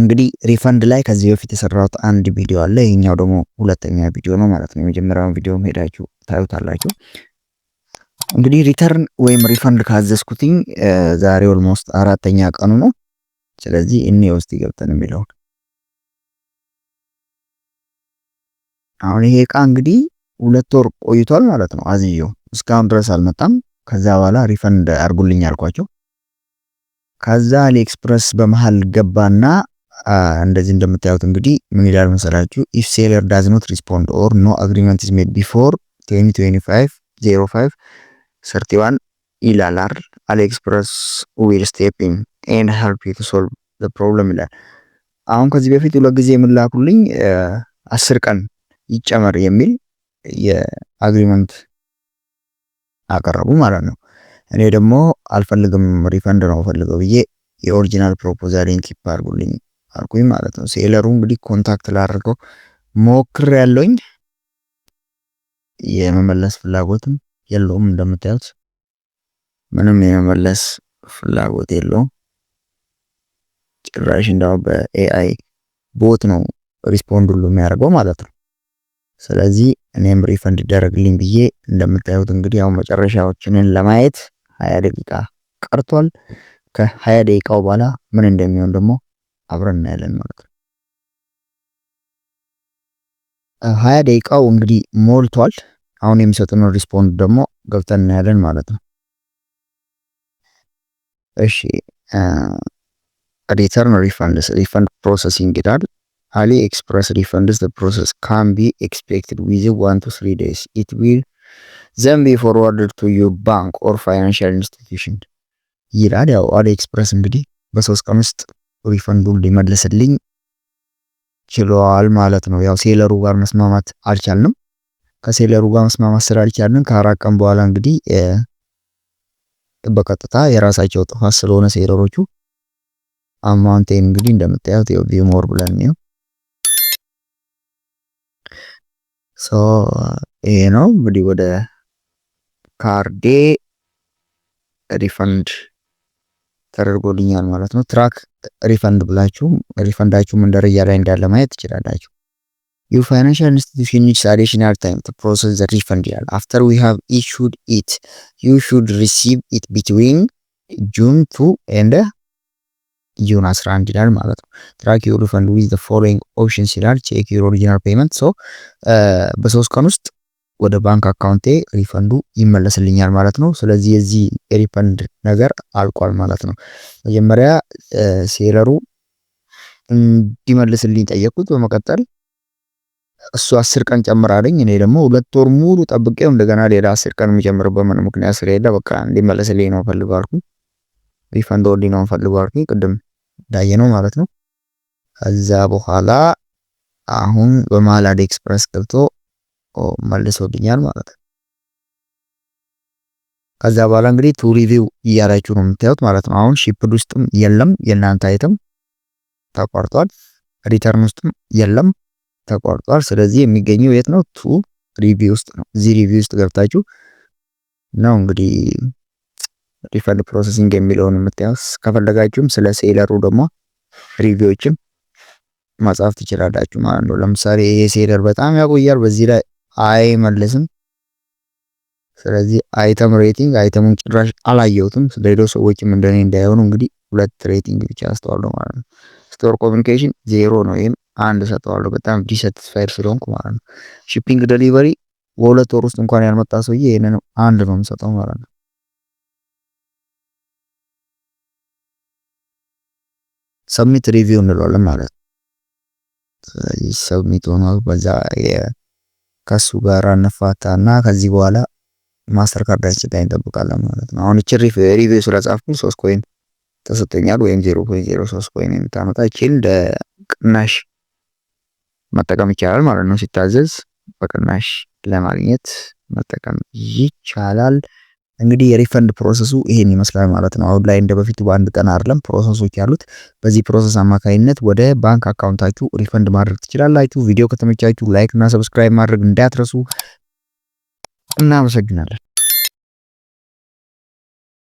እንግዲህ ሪፈንድ ላይ ከዚህ በፊት የሰራሁት አንድ ቪዲዮ አለ። ይሄኛው ደግሞ ሁለተኛ ቪዲዮ ነው ማለት ነው። የመጀመሪያውን ቪዲዮ ሄዳችሁ ታዩታላችሁ። እንግዲህ ሪተርን ወይም ሪፈንድ ካዘዝኩትኝ ዛሬ ኦልሞስት አራተኛ ቀኑ ነው። ስለዚህ እኔ ውስጥ ይገብተን የሚለውን አሁን ይሄ እቃ እንግዲህ ሁለት ወር ቆይቷል ማለት ነው። አዝየው እስካሁን ድረስ አልመጣም። ከዛ በኋላ ሪፈንድ አድርጉልኝ አልኳቸው። ከዛ አሊኤክስፕረስ በመሃል ገባና እንደዚህ እንደምታዩት እንግዲህ ምን ይላል መሰላችሁ? ኢፍ ሴለር ዳዝ ኖት ሪስፖንድ ኦር ኖ አግሪመንት ኢዝ ሜድ ቢፎር 2025 31 ይላል አይደል? አሊኤክስፕረስ ዊል ስቴፕ ኢን ኤንድ ሄልፕ ዩ ቱ ሶልቭ ዘ ፕሮብለም ይላል። አሁን ከዚህ በፊት ሁለት ጊዜ የምላኩልኝ አስር ቀን ይጨመር የሚል የአግሪመንት አቀረቡ ማለት ነው። እኔ ደግሞ አልፈልግም ሪፈንድ ነው ፈልገው ብዬ የኦሪጂናል ፕሮፖዛሌን ኪፕ አርጉልኝ አልኩኝ ማለት ነው። ሴለሩ እንግዲህ ኮንታክት ላድርገው ሞክር ያለውኝ የመመለስ ፍላጎትም የለውም እንደምታዩት ምንም የመመለስ ፍላጎት የለውም። ጭራሽ እንዳው በኤአይ ቦት ነው ሪስፖንድ ሁሉ የሚያደርገው ማለት ነው። ስለዚህ እኔም ሪፈንድ ይደረግልኝ ብዬ እንደምታዩት እንግዲህ ያው መጨረሻዎችንን ለማየት ሀያ ደቂቃ ቀርቷል። ከሀያ ደቂቃው በኋላ ምን እንደሚሆን ደግሞ አብረን እናያለን ማለት ነው። ሀያ ደቂቃው እንግዲህ ሞልቷል። አሁን የሚሰጡንን ሪስፖንድ ደግሞ ገብተን እናያለን ማለት ነው። እሺ ሪተርን ሪፈንድስ ሪፈንድ ፕሮሰሲንግ ይላል። አሊ ኤክስፕረስ ሪፈንድስ ፕሮሰስ ካን ቢ ኤክስፔክትድ ዊዝ ዋን ቱ ስሪ ዴይስ ኢት ዊል ዘን ቢ ፎርዋርድ ቱ ዩ ባንክ ኦር ፋይናንሻል ኢንስቲትዩሽን ይላል። ያው አሊ ኤክስፕረስ እንግዲህ በሶስት ቀን ውስጥ ሪፈንዱ ሊመልስልኝ ችለዋል ማለት ነው። ያው ሴለሩ ጋር መስማማት አልቻልንም። ከሴለሩ ጋር መስማማት ስላልቻልን ከአራት ቀን በኋላ እንግዲህ በቀጥታ የራሳቸው ጥፋት ስለሆነ ሴለሮቹ አማንቴን እንግዲህ እንደምታዩት ያው ቪሞር ብለን ነው ሶ ይሄ ነው እንግዲህ ወደ ካርዴ ሪፈንድ ተደርጎልኛል ማለት ነው። ትራክ ሪፈንድ ብላችሁ ሪፈንዳችሁ ምን ደረጃ ላይ እንዳለ ማየት ትችላላችሁ። ዩ ፋይናንሻል ኢንስቲትዩሽን ኒድስ አዲሽናል ታይም ቱ ፕሮሰስ ዘ ሪፈንድ ይላል። አፍተር ዊ ሃቭ ኢሹድ ኢት ዩ ሹድ ሪሲቭ ኢት ቢትዊን ጁን ቱ ኤንድ ጁን 11 ይላል ማለት ነው። ትራክ ዩ ሪፈንድ ዊዝ ዘ ፎሎዊንግ ኦፕሽንስ ይላል። ቼክ ዩር ኦሪጂናል ፔመንት። ሶ በሶስት ቀን ውስጥ ወደ ባንክ አካውንቴ ሪፈንዱ ይመለስልኛል ማለት ነው። ስለዚህ የዚህ ሪፈንድ ነገር አልቋል ማለት ነው። መጀመሪያ ሴለሩ እንዲመልስልኝ ጠየቅኩት። በመቀጠል እሱ አስር ቀን ጨምራለኝ። እኔ ደግሞ ሁለት ወር ሙሉ ጠብቄው እንደገና ሌላ አስር ቀን የሚጨምርበት ምን ምክንያት ስለሌለ በቃ እንዲመለስልኝ ነው ፈልጓልኩ። ሪፈንድ ወዲ ነው ፈልገው ቅድም እንዳየ ነው ማለት ነው። ከዛ በኋላ አሁን በማላድ ኤክስፕረስ ገብቶ መልሶልኛል ማለት ነው። ከዛ በኋላ እንግዲህ ቱ ሪቪው እያላችሁ ነው የምታዩት ማለት ነው። አሁን ሺፕድ ውስጥም የለም የእናንተ አይተም ተቋርጧል። ሪተርን ውስጥም የለም ተቋርጧል። ስለዚህ የሚገኘው የት ነው? ቱ ሪቪው ውስጥ ነው። እዚህ ሪቪው ውስጥ ገብታችሁ ነው እንግዲህ ሪፈንድ ፕሮሰሲንግ የሚለውን የምታዩት። ከፈለጋችሁም ስለ ሴለሩ ደግሞ ሪቪዎችም መጻፍ ትችላላችሁ ማለት ነው። ለምሳሌ ይሄ ሴለር በጣም ያቆያል በዚህ ላይ አይመልስም። ስለዚህ አይተም ሬቲንግ አይተሙን ጭራሽ አላየሁትም። ሌሎች ሰዎችም እንደኔ እንዳይሆኑ እንግዲህ ሁለት ሬቲንግ ብቻ አስተዋለሁ ማለት ነው። ስቶር ኮሚኒኬሽን ዜሮ ነው። ይህም አንድ ሰጠዋለሁ በጣም ዲሳቲስፋይድ ስለሆንኩ ማለት ነው። ሺፒንግ ደሊቨሪ በሁለት ወር ውስጥ እንኳን ያልመጣ ሰውዬ ይህንን አንድ ነው የምሰጠው ማለት ነው። ሰብሚት ሪቪው እንለዋለን ማለት ነው። ሰብሚት ሆኖ በዛ ከሱ ጋር እንፋታ እና ከዚህ በኋላ ማስተር ካርዳችን ላይ እንጠብቃለን ማለት ነው። አሁን እቺ ሪቪው ስለጻፍኩኝ ሶስት ኮይን ተሰጠኛል ወይም ዜሮ ኮይን ዜሮ ሶስት ኮይን የምታመጣ እቺን ለቅናሽ መጠቀም ይቻላል ማለት ነው። ሲታዘዝ በቅናሽ ለማግኘት መጠቀም ይቻላል። እንግዲህ የሪፈንድ ፕሮሰሱ ይሄን ይመስላል ማለት ነው። አሁን ላይ እንደ በፊቱ በአንድ ቀን አይደለም ፕሮሰሶች ያሉት። በዚህ ፕሮሰስ አማካኝነት ወደ ባንክ አካውንታችሁ ሪፈንድ ማድረግ ትችላላችሁ። ቪዲዮ ከተመቻችሁ ላይክ እና ሰብስክራይብ ማድረግ እንዳትረሱ። እናመሰግናለን።